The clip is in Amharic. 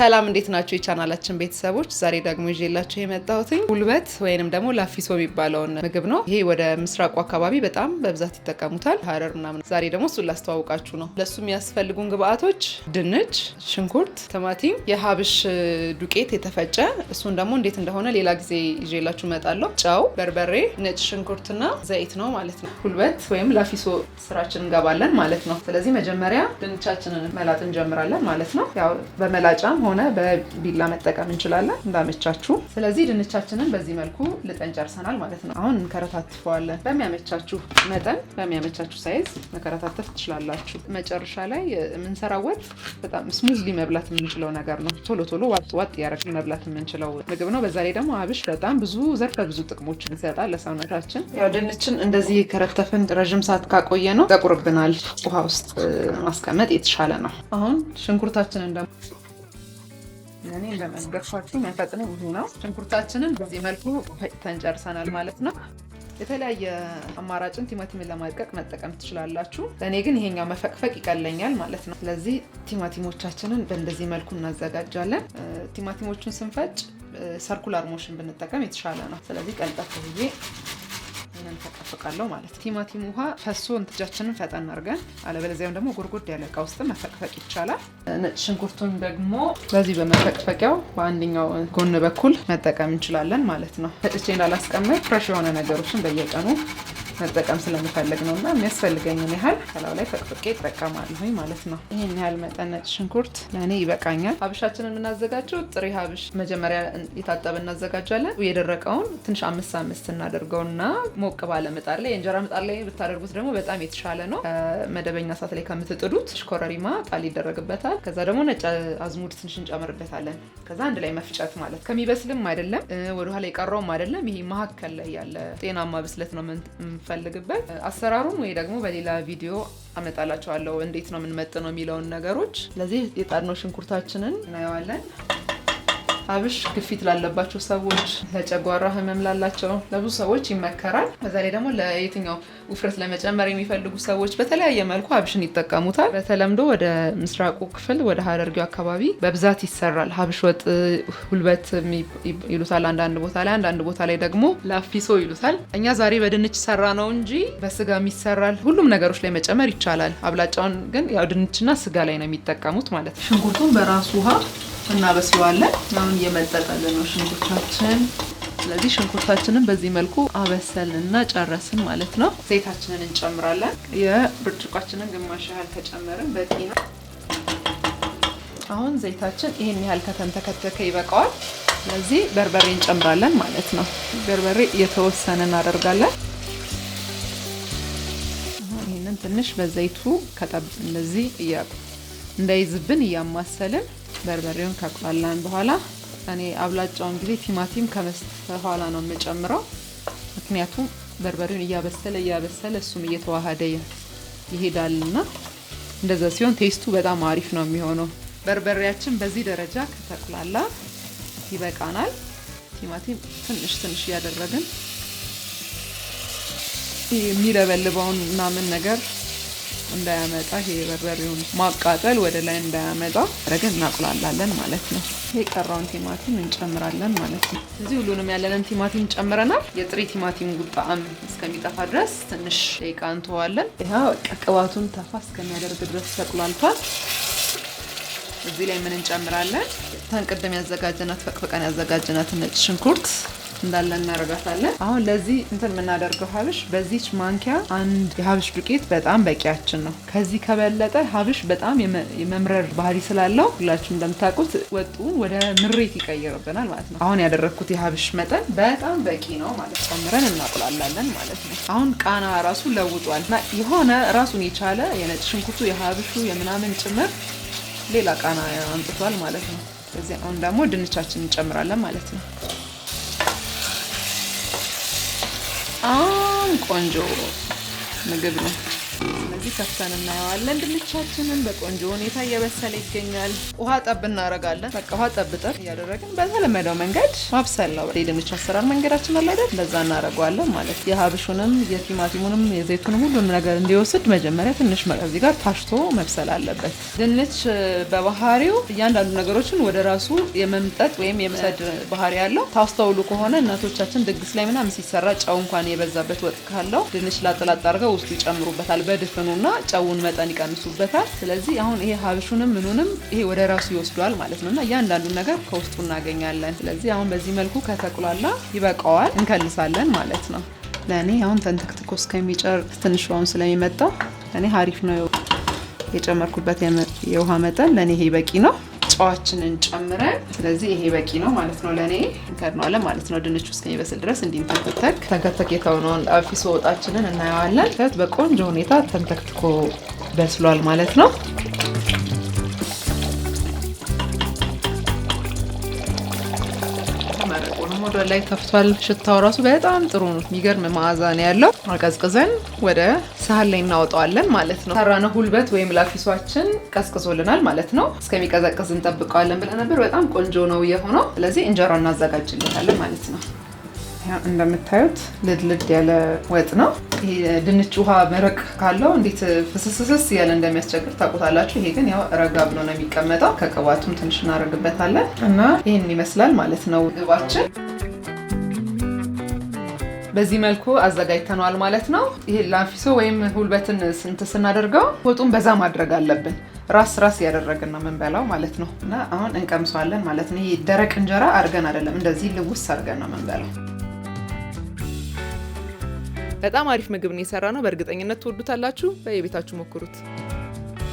ሰላም እንዴት ናቸው የቻናላችን ቤተሰቦች? ዛሬ ደግሞ ይዤላቸው የመጣሁትኝ ጉልበት ወይንም ደግሞ ላፊሶ የሚባለውን ምግብ ነው። ይሄ ወደ ምስራቁ አካባቢ በጣም በብዛት ይጠቀሙታል፣ ሀረር ምናምን። ዛሬ ደግሞ እሱን ላስተዋውቃችሁ ነው። ለሱ የሚያስፈልጉን ግብአቶች ድንች፣ ሽንኩርት፣ ቲማቲም፣ የሀብሽ ዱቄት የተፈጨ እሱን ደግሞ እንዴት እንደሆነ ሌላ ጊዜ ይዤላችሁ እመጣለሁ። ጨው፣ በርበሬ፣ ነጭ ሽንኩርትና ዘይት ነው ማለት ነው። ጉልበት ወይም ላፊሶ ስራችን እንገባለን ማለት ነው። ስለዚህ መጀመሪያ ድንቻችንን መላጥ እንጀምራለን ማለት ነው። ያው በመላጫም ሆነ በቢላ መጠቀም እንችላለን እንዳመቻችሁ። ስለዚህ ድንቻችንን በዚህ መልኩ ልጠን ጨርሰናል ማለት ነው። አሁን እንከረታትፈዋለን። በሚያመቻችሁ መጠን በሚያመቻችሁ ሳይዝ መከረታተፍ ትችላላችሁ። መጨረሻ ላይ የምንሰራው ወጥ በጣም ስሙዝሊ መብላት የምንችለው ነገር ነው። ቶሎ ቶሎ ዋጥ ዋጥ እያደረግን መብላት የምንችለው ምግብ ነው። በዛ ላይ ደግሞ አብሽ በጣም ብዙ ዘርፈ ብዙ ጥቅሞችን ይሰጣል ለሰውነታችን። ያው ድንችን እንደዚህ ከረተፍን ረዥም ሰዓት ካቆየ ነው ይጠቁርብናል። ውሃ ውስጥ ማስቀመጥ የተሻለ ነው። አሁን ሽንኩርታችንን ደግሞ እኔ እንደነገርኳችሁ መፈጥኑ ብዙ ነው። ሽንኩርታችንን በዚህ መልኩ ፈጭተን ጨርሰናል ማለት ነው። የተለያየ አማራጭን ቲማቲምን ለማድቀቅ መጠቀም ትችላላችሁ። ለእኔ ግን ይሄኛው መፈቅፈቅ ይቀለኛል ማለት ነው። ስለዚህ ቲማቲሞቻችንን በእንደዚህ መልኩ እናዘጋጃለን። ቲማቲሞቹን ስንፈጭ ሰርኩላር ሞሽን ብንጠቀም የተሻለ ነው። ስለዚህ ቀልጠፍ ብዬ እንፈቀፍቃለሁ ማለት ነው። ቲማቲም ውሃ ፈሶ እንትጃችንን ፈጠን አድርገን አለበለዚያም ደግሞ ጉርጉድ ያለ እቃ ውስጥ መፈቅፈቅ ይቻላል። ነጭ ሽንኩርቱን ደግሞ በዚህ በመፈቅፈቂያው በአንደኛው ጎን በኩል መጠቀም እንችላለን ማለት ነው። ፈጭቼ እንዳላስቀመጥ ፍረሽ የሆነ ነገሮችን በየቀኑ መጠቀም ስለምፈልግ ነው እና የሚያስፈልገኝን ያህል ከላው ላይ ፈቅፍቄ እጠቀማለሁኝ ማለት ነው። ይህን ያህል መጠን ነጭ ሽንኩርት ለእኔ ይበቃኛል። ሀብሻችንን የምናዘጋጀው ጥሬ ሀብሽ መጀመሪያ የታጠበ እናዘጋጃለን። የደረቀውን ትንሽ አምስት አምስት እናደርገውና ሞቅ ባለ ምጣድ ላይ የእንጀራ ምጣድ ላይ ብታደርጉት ደግሞ በጣም የተሻለ ነው። መደበኛ እሳት ላይ ከምትጥዱት ሽኮረሪማ ጣል ይደረግበታል። ከዛ ደግሞ ነጭ አዝሙድ ትንሽ እንጨምርበታለን። ከዛ አንድ ላይ መፍጨት ማለት ከሚበስልም አይደለም ወደኋላ የቀረውም አይደለም። ይሄ መካከል ላይ ያለ ጤናማ ብስለት ነው የምፈልግበት አሰራሩን ወይ ደግሞ በሌላ ቪዲዮ አመጣላቸዋለሁ። እንዴት ነው የምንመጥነው የሚለውን ነገሮች። ስለዚህ የጣድነው ሽንኩርታችንን እናየዋለን። አብሽ ግፊት ላለባቸው ሰዎች፣ ለጨጓራ ህመም ላላቸው ለብዙ ሰዎች ይመከራል። በዛ ላይ ደግሞ ለየትኛው ውፍረት ለመጨመር የሚፈልጉ ሰዎች በተለያየ መልኩ አብሽን ይጠቀሙታል። በተለምዶ ወደ ምስራቁ ክፍል ወደ ሀረርጌው አካባቢ በብዛት ይሰራል። ሀብሽ ወጥ ሁልበት ይሉታል አንዳንድ ቦታ ላይ፣ አንዳንድ ቦታ ላይ ደግሞ ላፊሶ ይሉታል። እኛ ዛሬ በድንች ሰራ ነው እንጂ በስጋም ይሰራል። ሁሉም ነገሮች ላይ መጨመር ይቻላል። አብላጫውን ግን ያው ድንችና ስጋ ላይ ነው የሚጠቀሙት ማለት ነው። ሽንኩርቱን በራሱ ውሃ እናበስለዋለን። አሁን እየመጠቀለ ነው ሽንኩርታችን። ስለዚህ ሽንኩርታችንን በዚህ መልኩ አበሰልንና ጨረስን ማለት ነው። ዘይታችንን እንጨምራለን። የብርጭቋችንን ግማሽ ያህል ከጨመርን በቂ ነው። አሁን ዘይታችን ይህን ያህል ከተንተከተከ ይበቃዋል። ስለዚህ በርበሬ እንጨምራለን ማለት ነው። በርበሬ የተወሰነ እናደርጋለን። ይህንን ትንሽ በዘይቱ እንደዚህ እንዳይዝብን እያማሰልን በርበሬውን ካቁላላን በኋላ እኔ አብላጫውን ጊዜ ቲማቲም ከበስተኋላ ነው የምጨምረው። ምክንያቱም በርበሬውን እያበሰለ እያበሰለ እሱም እየተዋሃደ ይሄዳልና እንደዛ ሲሆን ቴስቱ በጣም አሪፍ ነው የሚሆነው። በርበሬያችን በዚህ ደረጃ ከተቁላላ ይበቃናል። ቲማቲም ትንሽ ትንሽ እያደረግን የሚለበልበውን ምናምን ነገር እንዳያመጣ ይሄ የበርበሬውን ማቃጠል ወደ ላይ እንዳያመጣ ረገን እናቁላላለን ማለት ነው። የቀረውን ቲማቲም እንጨምራለን ማለት ነው። እዚህ ሁሉንም ያለንን ቲማቲም ጨምረናል። የጥሬ ቲማቲም ጣዕም እስከሚጠፋ ድረስ ትንሽ ደቂቃ እንተዋለን። ይኸው ቅባቱን ተፋ እስከሚያደርግ ድረስ ተቁላልቷል። እዚህ ላይ ምን እንጨምራለን? ተንቅድም ያዘጋጀናት ፈቅፍቀን ያዘጋጀናት ነጭ ሽንኩርት እንዳለ እናደርጋታለን። አሁን ለዚህ እንትን የምናደርገው ሀብሽ በዚች ማንኪያ አንድ የሀብሽ ዱቄት በጣም በቂያችን ነው። ከዚህ ከበለጠ ሀብሽ በጣም የመምረር ባህሪ ስላለው ሁላችሁ እንደምታውቁት ወጡን ወደ ምሬት ይቀይርብናል ማለት ነው። አሁን ያደረግኩት የሀብሽ መጠን በጣም በቂ ነው ማለት ጨምረን እናቁላላለን ማለት ነው። አሁን ቃና ራሱ ለውጧል እና የሆነ ራሱን የቻለ የነጭ ሽንኩርቱ የሀብሹ የምናምን ጭምር ሌላ ቃና አምጥቷል ማለት ነው። ስለዚህ አሁን ደግሞ ድንቻችን እንጨምራለን ማለት ነው። በጣም ቆንጆ ምግብ ነው። ስለዚህ ከፍተን እናየዋለን። ድንቻችንን በቆንጆ ሁኔታ እየበሰለ ይገኛል። ውሃ ጠብ እናደርጋለን። በቃ ውሃ ጠብ ጠብ እያደረግን በተለመደው መንገድ ማብሰል ነው። የድንች አሰራር መንገዳችን አለ አይደል? እንደዛ እናደርገዋለን ማለት የሀብሹንም የቲማቲሙንም የዘይቱንም ሁሉንም ነገር እንዲወስድ መጀመሪያ ትንሽ እዚህ ጋር ታሽቶ መብሰል አለበት። ድንች በባህሪው እያንዳንዱ ነገሮችን ወደ ራሱ የመምጠጥ ወይም የመሰድ ባህሪ ያለው ታስተውሉ ከሆነ እናቶቻችን ድግስ ላይ ምናምን ሲሰራ ጨው እንኳን የበዛበት ወጥ ካለው ድንች ላጥላጥ አድርገው ውስጡ ይጨምሩበታል። በድፍኑና ጨውን መጠን ይቀንሱበታል። ስለዚህ አሁን ይሄ ሀብሹንም ምኑንም ይሄ ወደ ራሱ ይወስዷል ማለት ነው እና እያንዳንዱን ነገር ከውስጡ እናገኛለን። ስለዚህ አሁን በዚህ መልኩ ከተቁላላ ይበቃዋል፣ እንከልሳለን ማለት ነው። ለእኔ አሁን ተንተክትኮ እስከሚጨር ትንሽ ስለሚመጣው ለእኔ ሀሪፍ ነው የጨመርኩበት የውሃ መጠን ለእኔ ይሄ በቂ ነው። ጨዋችንን ጨምረን ስለዚህ ይሄ በቂ ነው ማለት ነው። ለእኔ እንከድነዋለን ማለት ነው። ድንቹ እስከሚበስል ድረስ እንዲንተክተክ ተንከተክ የተሆነውን አፊሶ ወጣችንን እናየዋለን። በቆንጆ ሁኔታ ተንተክትኮ በስሏል ማለት ነው። ላይ ተፍቷል ሽታው ራሱ በጣም ጥሩ ነው። የሚገርም መዓዛ ነው ያለው። አቀዝቅዘን ወደ ሳህን ላይ እናወጣዋለን ማለት ነው። ሰራነው ሁልበት ወይም ላፊሷችን ቀዝቅዞልናል ማለት ነው። እስከሚቀዘቅዝ እንጠብቀዋለን ብለን ነበር። በጣም ቆንጆ ነው የሆነው። ስለዚህ እንጀራ እናዘጋጅለታለን ማለት ነው። እንደምታዩት ልድልድ ያለ ወጥ ነው። ይሄ ድንች ውሃ መረቅ ካለው እንዴት ፍስስስስ እያለ እንደሚያስቸግር ታውቁታላችሁ። ይሄ ግን ያው ረጋ ብሎ ነው የሚቀመጠው። ከቅባቱም ትንሽ እናደርግበታለን እና ይህን ይመስላል ማለት ነው ግባችን። በዚህ መልኩ አዘጋጅተነዋል ማለት ነው። ይሄ ላንፊሶ ወይም ሁልበትን ስንት ስናደርገው ወጡን በዛ ማድረግ አለብን። ራስ ራስ ያደረግን ነው የምንበላው ማለት ነው። እና አሁን እንቀምሰዋለን ማለት ነው። ይሄ ደረቅ እንጀራ አድርገን አይደለም፣ እንደዚህ ልውስ አድርገን ነው የምንበላው። በጣም አሪፍ ምግብ ነው የሰራ ነው። በእርግጠኝነት ትወዱታላችሁ። በየቤታችሁ ሞክሩት።